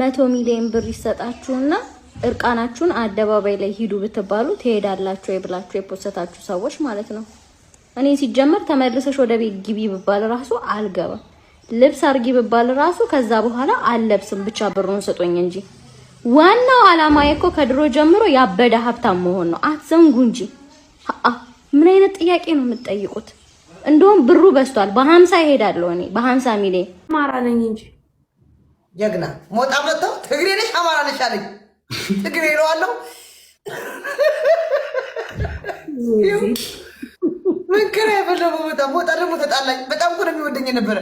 መቶ ሚሊዮን ብር ይሰጣችሁና እርቃናችሁን አደባባይ ላይ ሂዱ ብትባሉ ትሄዳላችሁ ወይ ብላችሁ የፖሰታችሁ ሰዎች ማለት ነው። እኔ ሲጀመር ተመልሰሽ ወደ ቤት ግቢ ብባል ራሱ አልገባም። ልብስ አርጊ ብባል ራሱ ከዛ በኋላ አልለብስም፣ ብቻ ብሩን ስጦኝ እንጂ። ዋናው አላማ እኮ ከድሮ ጀምሮ ያበደ ሀብታም መሆን ነው። አትዘንጉ እንጂ ምን አይነት ጥያቄ ነው የምትጠይቁት? እንደውም ብሩ በዝቷል። በሀምሳ ይሄዳለሁ እኔ በሀምሳ ሚሊዮን ማራ ነኝ እንጂ ጀግና ሞጣ መጥተው ትግሬ ነሽ አማራ ነሽ አለኝ። ትግሬ ነው አለው። ምን ክራ የፈለጉ ሞጣ ደግሞ ተጣላኝ። በጣም እኮ ነው የሚወደኝ ነበረ።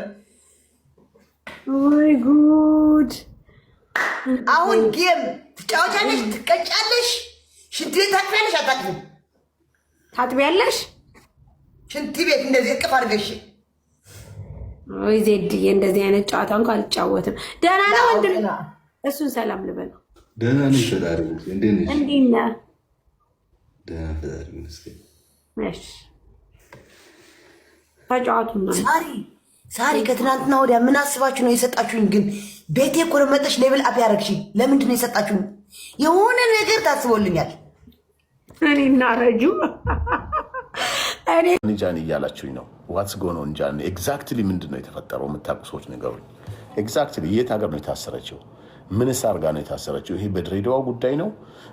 ወይ ጉድ! አሁን ጌም ትጫወቻለሽ፣ ትቀጫለሽ፣ ሽንት ቤት ታጥቢያለሽ። አታጥቢም? ታጥቢያለሽ ሽንት ቤት እንደዚህ እቅፍ አድርገሽ ወይ ዜድዬ እንደዚህ አይነት ጨዋታ እንኳ አልጫወትም። ደህና ነው ወንድ እሱን ሰላም ልበለው። ደህና ነሽ? ፈጣሪ እንዴት ደህና ፈጣሪ ይመስገን። ሳሪ ሳሪ፣ ከትናንትና ወዲያ ምን አስባችሁ ነው የሰጣችሁኝ? ግን ቤቴ እኮ ለመጠሽ ሌብል አፕ ያደረግሽኝ ለምንድን ነው የሰጣችሁኝ? የሆነ ነገር ታስቦልኛል እኔ እናረጁ እንጃን እያላችሁኝ ነው። ዋትስ ነው እንጃን ኤግዛክትሊ ምንድን ነው የተፈጠረው? የምታውቁ ሰዎች ንገሩኝ። ኤግዛክትሊ የት ሀገር ነው የታሰረችው? ምንስ አርጋ ነው የታሰረችው? ይሄ በድሬዳዋ ጉዳይ ነው።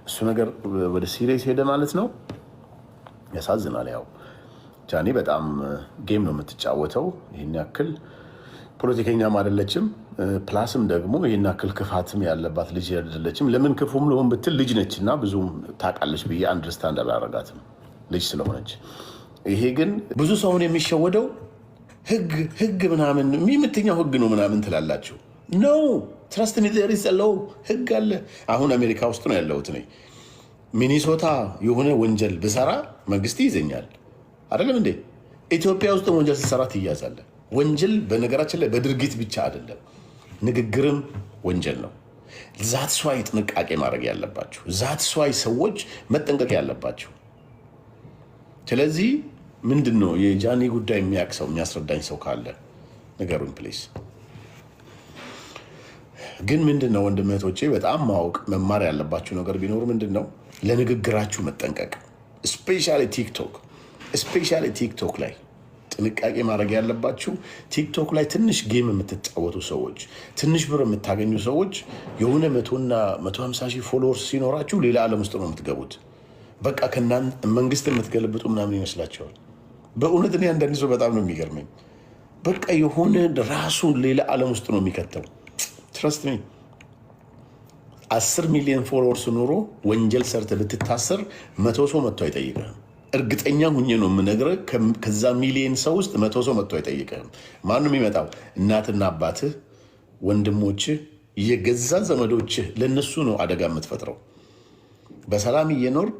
እሱ ነገር ወደ ሲሪየስ ሄደ ማለት ነው። ያሳዝናል። ያው ጃኒ በጣም ጌም ነው የምትጫወተው። ይህን ያክል ፖለቲከኛም አይደለችም። ፕላስም ደግሞ ይህን ያክል ክፋትም ያለባት ልጅ አይደለችም። ለምን ክፉም ልሆን ብትል ልጅ ነች እና ብዙም ታውቃለች ብዬ አንድርስታንድ አላረጋትም ልጅ ስለሆነች ይሄ ግን ብዙ ሰውን የሚሸወደው ህግ ህግ ምናምን የምትኛው ህግ ነው ምናምን ትላላችሁ። ነው ትራስት ሚዘሪ ጸለው ህግ አለ። አሁን አሜሪካ ውስጥ ነው ያለሁት እኔ። ሚኒሶታ የሆነ ወንጀል ብሰራ መንግስት ይዘኛል። አይደለም እንዴ? ኢትዮጵያ ውስጥ ወንጀል ስሰራ ትያዛለ። ወንጀል በነገራችን ላይ በድርጊት ብቻ አይደለም፣ ንግግርም ወንጀል ነው። ዛት ስዋይ ጥንቃቄ ማድረግ ያለባችሁ ዛት ስዋይ ሰዎች መጠንቀቅ ያለባችሁ ስለዚህ ምንድን ነው የጃኒ ጉዳይ የሚያውቅ ሰው የሚያስረዳኝ ሰው ካለ ንገሩኝ ፕሊስ። ግን ምንድን ነው ወንድም እህቶቼ፣ በጣም ማወቅ መማር ያለባችሁ ነገር ቢኖር ምንድን ነው ለንግግራችሁ መጠንቀቅ፣ ስፔሻሊ ቲክቶክ፣ ስፔሻሊ ቲክቶክ ላይ ጥንቃቄ ማድረግ ያለባችሁ ቲክቶክ ላይ ትንሽ ጌም የምትጫወቱ ሰዎች፣ ትንሽ ብር የምታገኙ ሰዎች የሆነ መቶና መቶ ሀምሳ ሺህ ፎሎወርስ ሲኖራችሁ ሌላ ዓለም ውስጥ ነው የምትገቡት። በቃ ከእናንተ መንግስት የምትገለብጡ ምናምን ይመስላቸዋል። በእውነት እኔ አንዳንድ ሰው በጣም ነው የሚገርመኝ። በቃ የሆነ ራሱን ሌላ ዓለም ውስጥ ነው የሚከተው። ትረስት ሚ አስር ሚሊዮን ፎሎወርስ ኖሮ ወንጀል ሰርተ ብትታሰር መቶ ሰው መጥቶ አይጠይቅህም። እርግጠኛ ሁኜ ነው የምነግርህ። ከዛ ሚሊዮን ሰው ውስጥ መቶ ሰው መጥቶ አይጠይቅህም። ማንም ይመጣው እናትና አባትህ፣ ወንድሞችህ፣ የገዛ ዘመዶችህ ለነሱ ነው አደጋ የምትፈጥረው። በሰላም እየኖርክ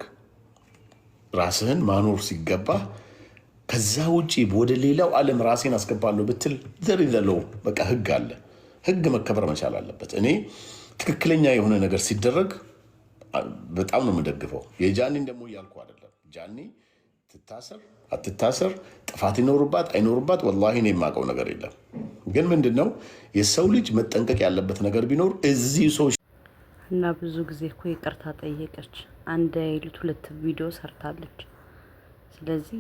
ራስህን ማኖር ሲገባህ ከዛ ውጭ ወደ ሌላው ዓለም ራሴን አስገባለሁ ብትል ዘሪ ዘለው በቃ ህግ አለ። ህግ መከበር መቻል አለበት። እኔ ትክክለኛ የሆነ ነገር ሲደረግ በጣም ነው የምደግፈው። የጃኒን ደግሞ እያልኩ አይደለም። ጃኒ ትታሰር አትታሰር፣ ጥፋት ይኖሩባት አይኖሩባት፣ ወላሂ እኔ የማውቀው ነገር የለም። ግን ምንድን ነው የሰው ልጅ መጠንቀቅ ያለበት ነገር ቢኖር እዚህ ሰዎች እና ብዙ ጊዜ እኮ ይቅርታ ጠየቀች። አንድ አይሉት ሁለት ቪዲዮ ሰርታለች። ስለዚህ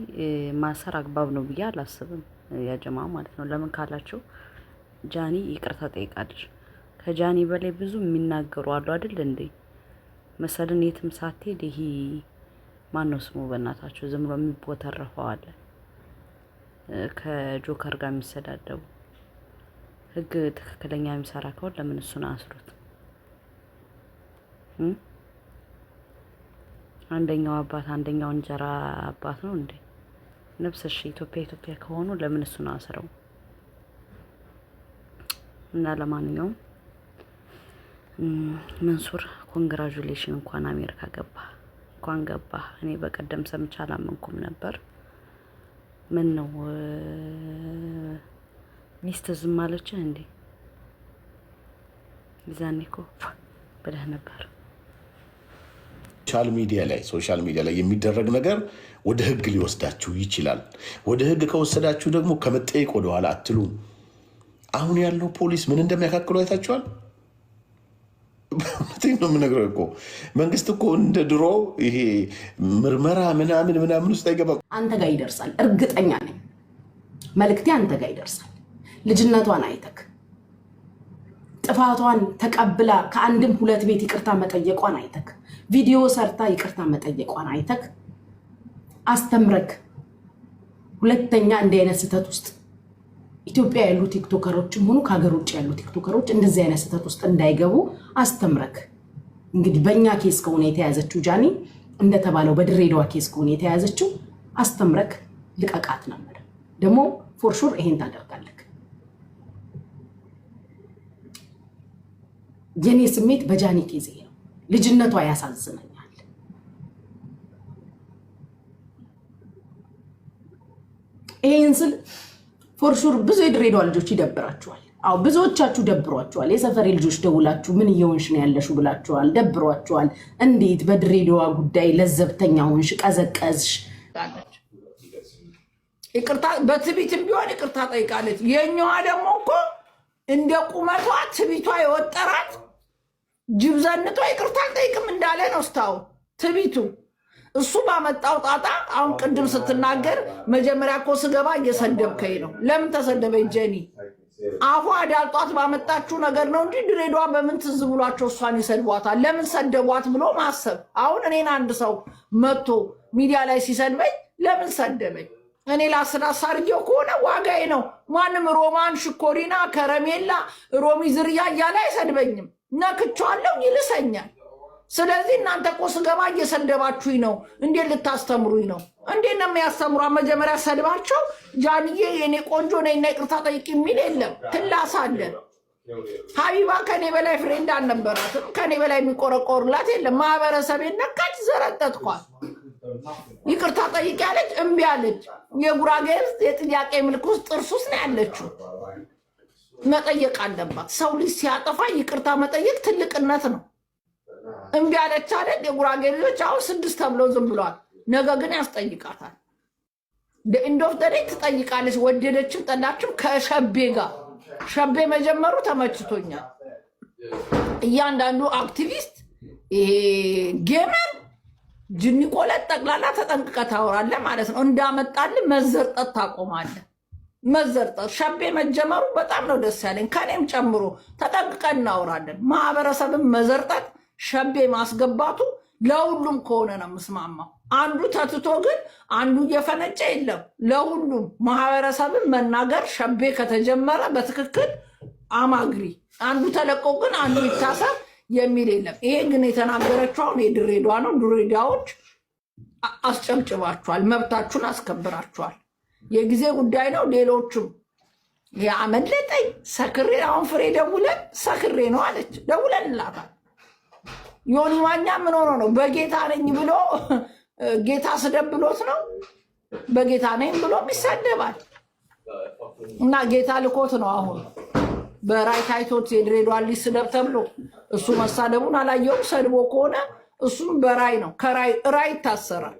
ማሰር አግባብ ነው ብዬ አላስብም። ያጀማ ማለት ነው። ለምን ካላችሁ ጃኒ ይቅርታ ጠይቃለች። ከጃኒ በላይ ብዙ የሚናገሩ አሉ አይደል እንዴ? መሰልን የትም ሳትሄድ ይሄ ነው ስሙ በእናታችሁ ዝም ብሎ የሚቦተረፈው አለ ከጆከር ጋር የሚሰዳደቡ ህግ ትክክለኛ የሚሰራ ከሆን ለምን እሱን አስሩት? አንደኛው አባት አንደኛው እንጀራ አባት ነው እንዴ? ነብስ እሺ፣ ኢትዮጵያ ኢትዮጵያ ከሆኑ ለምን ነው አስረው እና ለማንኛውም መንሱር ኮንግራጁሌሽን፣ እንኳን አሜሪካ ገባ እንኳን ገባ። እኔ በቀደም ሰምቼ አላመንኩም ነበር። ምን ነው ሚስት ዝም አለችህ እንዴ? ይዛኔ እኮ ብለህ ነበር። ሶሻል ሚዲያ ላይ ሶሻል ሚዲያ ላይ የሚደረግ ነገር ወደ ህግ ሊወስዳችሁ ይችላል። ወደ ህግ ከወሰዳችሁ ደግሞ ከመጠየቅ ወደኋላ አትሉም። አሁን ያለው ፖሊስ ምን እንደሚያካክሉ አይታችኋል። በእውነቴን ነው የምነግረው እኮ መንግስት እኮ እንደ ድሮ ይሄ ምርመራ ምናምን ምናምን ውስጥ አይገባም። አንተ ጋር ይደርሳል፣ እርግጠኛ ነኝ። መልእክቴ አንተ ጋር ይደርሳል። ልጅነቷን አይተክ ጥፋቷን ተቀብላ ከአንድም ሁለት ቤት ይቅርታ መጠየቋን አይተክ ቪዲዮ ሰርታ ይቅርታ መጠየቋን አይተክ አስተምረክ ሁለተኛ እንዲህ አይነት ስህተት ውስጥ ኢትዮጵያ ያሉ ቲክቶከሮችም ሆኑ ከሀገር ውጭ ያሉ ቲክቶከሮች እንደዚህ አይነት ስህተት ውስጥ እንዳይገቡ አስተምረክ። እንግዲህ በእኛ ኬስ ከሆነ የተያዘችው ጃኒ እንደተባለው በድሬዳዋ ኬስ ከሆነ የተያዘችው አስተምረክ ልቀቃት ነበር። ደግሞ ፎርሹር ይሄን ታደርጋለክ። የኔ ስሜት በጃኒ ኬዝ ይሄ ነው። ልጅነቷ ያሳዝነኛል። ይሄን ስል ፎርሹር ብዙ የድሬዳዋ ልጆች ይደብራችኋል። አዎ ብዙዎቻችሁ ደብሯችኋል። የሰፈሪ ልጆች ደውላችሁ ምን እየሆንሽ ነው ያለሹ ብላችኋል። ደብሯችኋል። እንዴት በድሬዳዋ ጉዳይ ለዘብተኛ ሆንሽ? ቀዘቀዝሽ። ይቅርታ በትቢትም ቢሆን ይቅርታ ጠይቃለች። የኛዋ ደግሞ እኮ እንደ ቁመቷ ትቢቷ የወጠራት ጅብ ዘንጦ ይቅርታ አልጠይቅም እንዳለ ነው ስታው ትቢቱ እሱ ባመጣው ጣጣ። አሁን ቅድም ስትናገር መጀመሪያ እኮ ስገባ እየሰደብከኝ ነው። ለምን ተሰደበኝ ጀኒ? አፏ አዳልጧት ባመጣችሁ ነገር ነው እንጂ ድሬዷ በምን ትዝ ብሏቸው እሷን ይሰድቧታል? ለምን ሰደቧት ብሎ ማሰብ። አሁን እኔን አንድ ሰው መጥቶ ሚዲያ ላይ ሲሰድበኝ ለምን ሰደበኝ እኔ ላስላሳ አድርጌው ከሆነ ዋጋዬ ነው። ማንም ሮማን ሽኮሪና፣ ከረሜላ፣ ሮሚ ዝርያ እያለ አይሰድበኝም። ነክቼዋለሁ ይልሰኛል። ስለዚህ እናንተ እኮ ስገባ እየሰደባችሁኝ ነው። እንዴት ልታስተምሩኝ ነው? እንዴት ነው የሚያስተምሯ? መጀመሪያ ሰድባቸው ጃንዬ የኔ ቆንጆ ነና ይቅርታ ጠይቅ የሚል የለም። ትላሳለን። ሀቢባ ከኔ በላይ ፍሬንድ አልነበራትም። ከኔ በላይ የሚቆረቆርላት የለም። ማህበረሰቤን ነካች፣ ዘረጠጥኳል። ይቅርታ ጠይቅ ያለች እምቢ አለች። የጉራጌ የጥያቄ ምልክት ውስጥ ጥርስ ውስጥ ነው ያለችው። መጠየቅ አለባት። ሰው ልጅ ሲያጠፋ ይቅርታ መጠየቅ ትልቅነት ነው። እምቢ አለች አይደል? የጉራጌ ልጆች አሁን ስድስት ተብለው ዝም ብለዋል። ነገ ግን ያስጠይቃታል። ኢንዶፍ ደሬ ትጠይቃለች። ወደደችም ጠላችም ከሸቤ ጋር ሸቤ መጀመሩ ተመችቶኛል። እያንዳንዱ አክቲቪስት ይሄ ጌመር ጅኒ ቆለት ጠቅላላ ተጠንቅቀ ታወራለ ማለት ነው። እንዳመጣል መዘርጠት ታቆማለ። መዘርጠት ሸቤ መጀመሩ በጣም ነው ደስ ያለኝ። ከኔም ጨምሮ ተጠንቅቀ እናወራለን። ማህበረሰብን መዘርጠት ሸቤ ማስገባቱ ለሁሉም ከሆነ ነው የምስማማው። አንዱ ተትቶ ግን አንዱ እየፈነጨ የለም። ለሁሉም ማህበረሰብን መናገር ሸቤ ከተጀመረ በትክክል አማግሪ አንዱ ተለቆ ግን አንዱ ይታሰብ የሚል የለም። ይሄ ግን የተናገረችው አሁን የድሬዳዋ ነው። ድሬዳዎች አስጨብጭባችኋል፣ መብታችሁን አስከብራችኋል። የጊዜ ጉዳይ ነው። ሌሎችም የአመለጠኝ ሰክሬ አሁን ፍሬ ደውለን ሰክሬ ነው አለች። ደውለን ላታል ዮኒ ማኛ ምን ሆኖ ነው በጌታ ነኝ ብሎ ጌታ ስደብሎት ነው በጌታ ነኝ ብሎ ይሳደባል። እና ጌታ ልኮት ነው አሁን በራይት አይቶት ሊስደብ ተብሎ እሱ መሳደቡን አላየውም። ሰድቦ ከሆነ እሱም በራይ ነው። ከራይ ራይ ይታሰራል።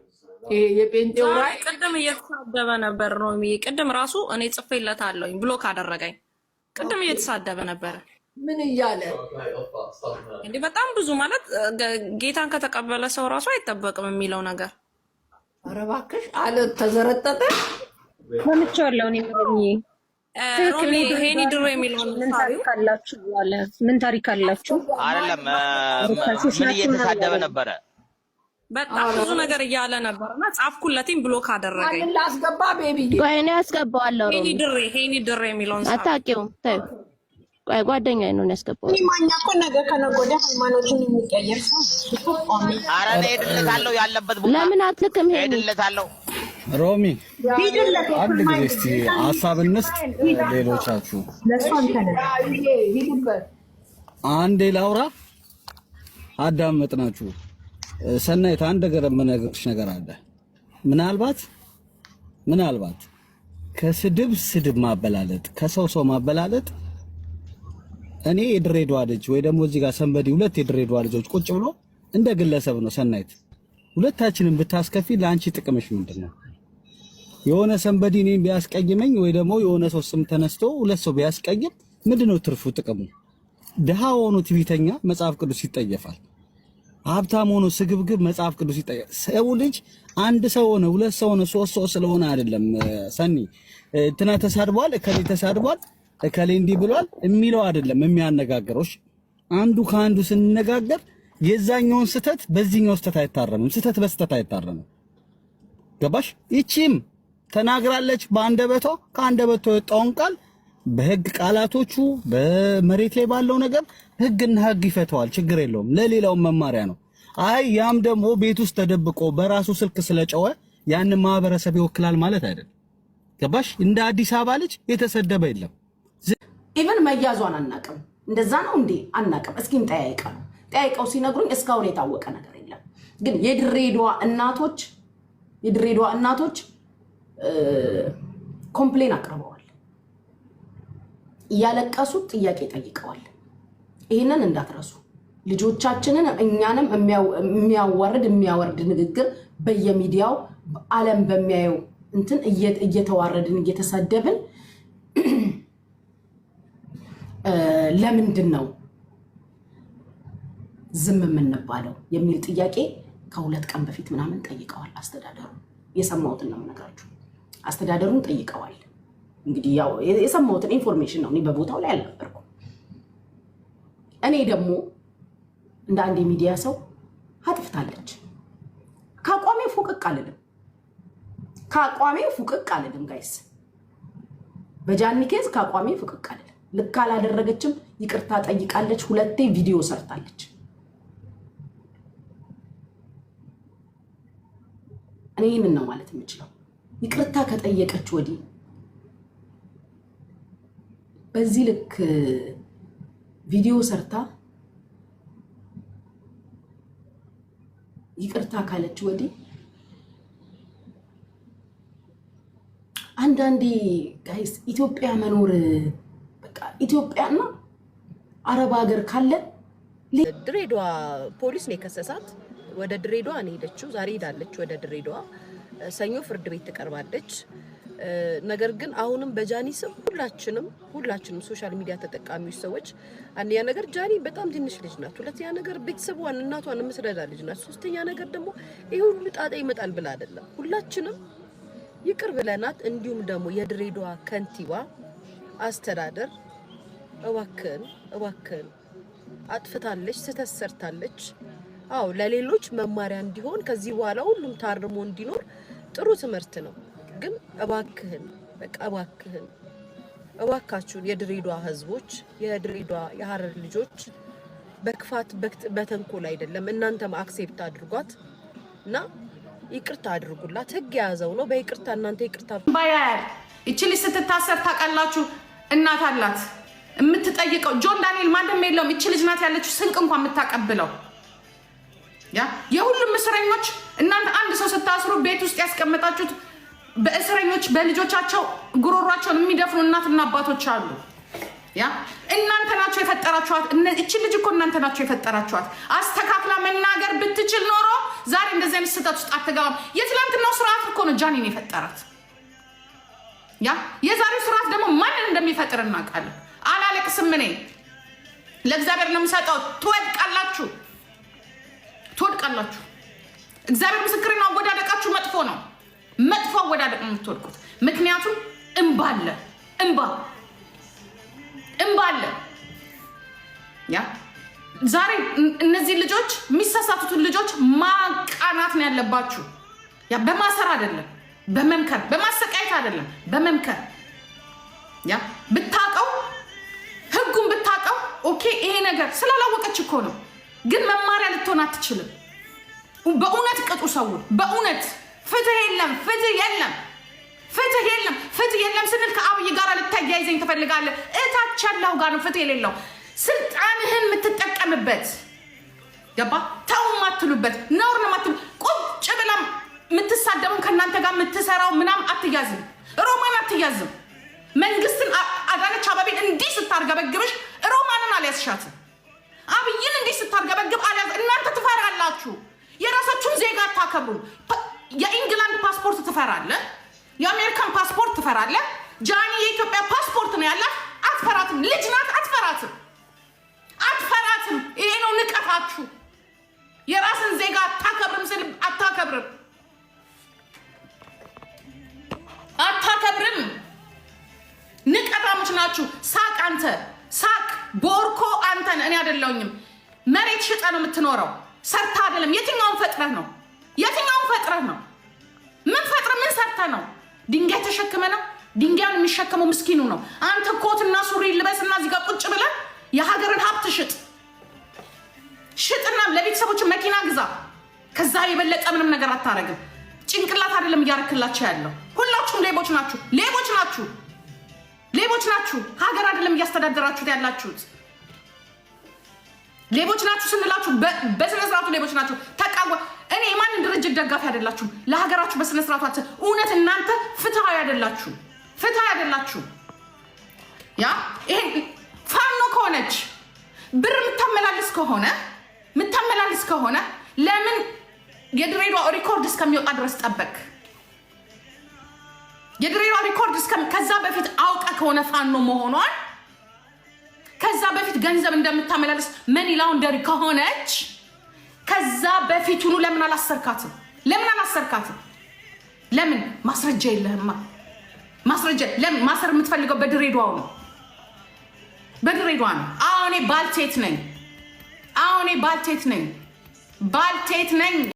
ይሄ የጴንጤው ራይ ቅድም እየተሳደበ ነበር ነው የሚ ቅድም ራሱ እኔ ጽፌለት አለውኝ ብሎክ አደረገኝ። ቅድም እየተሳደበ ነበረ። ምን እያለ እንዲህ በጣም ብዙ ማለት ጌታን ከተቀበለ ሰው ራሱ አይጠበቅም የሚለው ነገር። ኧረ እባክሽ አለ ተዘረጠጠ ምንቸለው ኔ ሄኒ ድሮ የሚለውን ምን ታሪክ አላችሁ? አይደለም ምን እየተሳደበ ነበረ? በጣም ብዙ ነገር እያለ ነበር እና ጻፍኩለትኝ ብሎክ አደረገኝ። ላስገባ ቆይ እኔ አስገባዋለሁ። ሄኒ ድሬ ሄኒ ድሬ የሚለውን አታውቂውም? ተይው፣ ቆይ ጓደኛዬ ነው ያስገባው። ማኛ እኮ ነገ ከነገ ወዲያ ሃይማኖቱን የሚቀየር ሰው እኔ ያለበት ቦታ ለምን አትልክም? ሄድለታለሁ ሮሚ አንድ ጊዜ እስቲ ሀሳብ እንስጥ። ሌሎቻችሁ አንዴ ላውራ አዳመጥናችሁ። ሰናይት አንድ ነገር የምነግርሽ ነገር አለ። ምናልባት ምናልባት ከስድብ ስድብ ማበላለጥ፣ ከሰው ሰው ማበላለጥ እኔ የድሬዷ ልጅ ወይ ደግሞ እዚህ ጋር ሰንበዲ ሁለት የድሬዷ ልጆች ቁጭ ብሎ እንደ ግለሰብ ነው ሰናይት፣ ሁለታችንን ብታስከፊ ለአንቺ ጥቅምሽ ምንድን ነው? የሆነ ሰንበዲ እኔን ቢያስቀይመኝ ወይ ደግሞ የሆነ ሰው ስም ተነስቶ ሁለት ሰው ቢያስቀይም ምንድነው ትርፉ ጥቅሙ? ድሃ ሆኖ ትዕቢተኛ መጽሐፍ ቅዱስ ይጠየፋል። ሀብታም ሆኖ ስግብግብ መጽሐፍ ቅዱስ ይጠየፋል። ሰው ልጅ አንድ ሰው ሆነ ሁለት ሰው ሆነ ሶስት ሰው ስለሆነ አይደለም። ሰኒ እንትና ተሳድቧል፣ እከሌ ተሳድቧል፣ እከሌ እንዲህ ብሏል የሚለው አይደለም የሚያነጋግሮች አንዱ ከአንዱ ስንነጋገር የዛኛውን ስተት በዚህኛው ስተት አይታረምም። ስህተት በስተት አይታረምም። ገባሽ? ይቺም ተናግራለች በአንደበቷ። ከአንደበቷ የወጣውን ቃል በህግ ቃላቶቹ፣ በመሬት ላይ ባለው ነገር ህግና ህግ ይፈተዋል። ችግር የለውም። ለሌላውም መማሪያ ነው። አይ ያም ደግሞ ቤት ውስጥ ተደብቆ በራሱ ስልክ ስለጨወ ያንን ማህበረሰብ ይወክላል ማለት አይደለም። ገባሽ? እንደ አዲስ አበባ ልጅ የተሰደበ የለም። ኢቨን መያዟን አናቅም። እንደዛ ነው እንዴ? አናቅም። እስኪም ጠያይቀ ነው ጠያይቀው ሲነግሩኝ እስካሁን የታወቀ ነገር የለም። ግን የድሬዷ እናቶች የድሬዷ እናቶች ኮምፕሌን አቅርበዋል። እያለቀሱ ጥያቄ ጠይቀዋል። ይህንን እንዳትረሱ። ልጆቻችንን እኛንም የሚያዋርድ የሚያወርድ ንግግር በየሚዲያው ዓለም በሚያየው እንትን እየተዋረድን እየተሰደብን ለምንድን ነው ዝም የምንባለው የሚል ጥያቄ ከሁለት ቀን በፊት ምናምን ጠይቀዋል። አስተዳደሩ የሰማሁትን ነው የምነግራችሁ። አስተዳደሩን ጠይቀዋል። እንግዲህ ያው የሰማሁትን ኢንፎርሜሽን ነው። እኔ በቦታው ላይ አልነበርኩም። እኔ ደግሞ እንደ አንድ የሚዲያ ሰው አጥፍታለች። ከአቋሜ ፉቅቅ አልልም። ከአቋሜ ፉቅቅ አልልም። ጋይስ በጃኒ ኬዝ ከአቋሜ ፉቅቅ አልልም። ልክ አላደረገችም፣ ይቅርታ ጠይቃለች። ሁለቴ ቪዲዮ ሰርታለች። እኔ ይህንን ነው ማለት የምችለው። ይቅርታ ከጠየቀች ወዲህ በዚህ ልክ ቪዲዮ ሰርታ ይቅርታ ካለች ወዲህ አንዳንዴ ጋይስ ኢትዮጵያ መኖር በቃ ኢትዮጵያና አረብ ሀገር ካለ ድሬዳዋ ፖሊስ ነው የከሰሳት። ወደ ድሬዳዋ ነው ሄደችው። ዛሬ ሄዳለች ወደ ድሬዳዋ። ሰኞ ፍርድ ቤት ትቀርባለች። ነገር ግን አሁንም በጃኒ ስም ሁላችንም ሁላችንም ሶሻል ሚዲያ ተጠቃሚዎች ሰዎች፣ አንደኛ ነገር ጃኒ በጣም ትንሽ ልጅ ናት፣ ሁለተኛ ነገር ቤተሰቧን እናቷን የምትረዳ ልጅ ናት፣ ሶስተኛ ነገር ደግሞ ይህ ሁሉ ጣጣ ይመጣል ብላ አይደለም። ሁላችንም ይቅር ብለናት፣ እንዲሁም ደግሞ የድሬዳዋ ከንቲባ አስተዳደር እባክን እባክን አጥፍታለች፣ ስህተት ሰርታለች። አዎ ለሌሎች መማሪያ እንዲሆን ከዚህ በኋላ ሁሉም ታርሞ እንዲኖር ጥሩ ትምህርት ነው። ግን እባክህን በቃ እባክህን እባካችሁን የድሬዷ ህዝቦች፣ የድሬዷ የሀረር ልጆች በክፋት በተንኮል አይደለም። እናንተም አክሴፕት አድርጓት እና ይቅርታ አድርጉላት። ህግ የያዘው ነው። በይቅርታ እናንተ ይቅርታ ባያር ይችል ስትታሰር ታውቃላችሁ። እናት አላት የምትጠይቀው ጆን ዳንኤል ማንም የለውም። ይች ልጅ ናት ያለችው ስንቅ እንኳን የምታቀብለው ያ የሁሉ እስረኞች እናንተ አንድ ሰው ስታስሩ ቤት ውስጥ ያስቀመጣችሁት በእስረኞች በልጆቻቸው ጉሮሯቸውን የሚደፍኑ እናትና አባቶች አሉ። ያ እናንተ ናቸው የፈጠራችኋት። እችን ልጅ እኮ እናንተ ናቸው የፈጠራችኋት። አስተካክላ መናገር ብትችል ኖሮ ዛሬ እንደዚህ አይነት ስህተት ውስጥ አትገባም። የትላንትናው ስርዓት እኮ ነው ጃኒን የፈጠራት። ያ የዛሬው ስርዓት ደግሞ ማንን እንደሚፈጥር እናውቃለን። አላለቅስም እኔ ለእግዚአብሔር ነው የምሰጠው። ትወድቃላችሁ፣ ትወድቃላችሁ። እግዚአብሔር ምስክርና አወዳደቃችሁ መጥፎ ነው። መጥፎ አወዳደቅ ነው የምትወድቁት። ምክንያቱም እምባ አለ፣ እምባ አለ። ያ ዛሬ እነዚህ ልጆች የሚሳሳቱትን ልጆች ማቃናት ነው ያለባችሁ። ያ በማሰር አይደለም፣ በመምከር በማሰቃየት አይደለም፣ በመምከር ያ ብታቀው ህጉን ብታቀው ኦኬ። ይሄ ነገር ስላላወቀች እኮ ነው፣ ግን መማሪያ ልትሆን አትችልም። በእውነት ቅጡ ሰውን በእውነት ፍትህ የለም፣ ፍትህ የለም፣ ፍትህ የለም፣ ፍትህ የለም ስንል ከአብይ ጋር ልታያይዘኝ ትፈልጋለህ? እታች ያለው ጋር ነው ፍትህ የሌለው ስልጣንህን የምትጠቀምበት ገባ ተው ማትሉበት ነውር ነው ቁጭ ብላ የምትሳደቡን ከእናንተ ጋር የምትሰራው ምናም አትያዝም፣ ሮማን አትያዝም። መንግስትን አዳነች አበቤን እንዲህ ስታርገበግብሽ ሮማንን አልያዝሻትም። አብይን እንዲህ ስታርገበግብ አልያዝ እናንተ ትፈራላችሁ። የራሳችሁን ዜጋ አታከብሩም። የኢንግላንድ ፓስፖርት ትፈራለህ፣ የአሜሪካን ፓስፖርት ትፈራለህ። ጃኒ የኢትዮጵያ ፓስፖርት ነው ያላት። አትፈራትም፣ ልጅ ናት። አትፈራትም፣ አትፈራትም። ይሄ ነው ንቀፋችሁ። የራስን ዜጋ አታከብርም ስል አታከብርም፣ አታከብርም። ንቀታሞች ናችሁ። ሳቅ፣ አንተ ሳቅ፣ ቦርኮ አንተን እኔ አይደለሁኝም። መሬት ሽጠ ነው የምትኖረው ሰርተህ አይደለም። የትኛውን ፈጥረህ ነው? የትኛውን ፈጥረህ ነው? ምን ፈጥረህ ምን ሰርተህ ነው? ድንጋይ ተሸክመ ነው? ድንጋዩን የሚሸከመው ምስኪኑ ነው። አንተ ኮትና ሱሪ ልበስና እዚህ ጋር ቁጭ ብለህ የሀገርን ሀብት ሽጥ ሽጥና ለቤተሰቦች መኪና ግዛ። ከዛ የበለጠ ምንም ነገር አታረግም። ጭንቅላት አይደለም እያረክላቸው ያለው። ሁላችሁም ሌቦች ናችሁ፣ ሌቦች ናችሁ፣ ሌቦች ናችሁ። ሀገር አይደለም እያስተዳደራችሁት ያላችሁት። ሌቦች ናችሁ ስንላችሁ በስነስርዓቱ ሌቦች ናችሁ ተቃወ እኔ የማንን ድርጅት ደጋፊ አይደላችሁ ለሀገራችሁ በስነስርዓቱ እውነት እናንተ ፍትሃዊ አይደላችሁ፣ ፍትሃዊ አይደላችሁ። ያ ይሄ ፋኖ ከሆነች ብር የምታመላልስ ከሆነ የምታመላልስ ከሆነ ለምን የድሬዳዋ ሪኮርድ እስከሚወጣ ድረስ ጠበቅ? የድሬዳዋ ሪኮርድ ከዛ በፊት አውቀ ከሆነ ፋኖ መሆኗን ከዛ በፊት ገንዘብ እንደምታመላለስ መኒ ላውንደሪ ከሆነች ከዛ በፊቱኑ ለምን አላሰርካትም? ለምን አላሰርካትም? ለምን ማስረጃ የለህማ? ማስረጃ ለምን ማሰር የምትፈልገው በድሬዷው ነው፣ በድሬዷ ነው። አሁኔ ባልቴት ነኝ፣ አሁኔ ባልቴት ነኝ፣ ባልቴት ነኝ።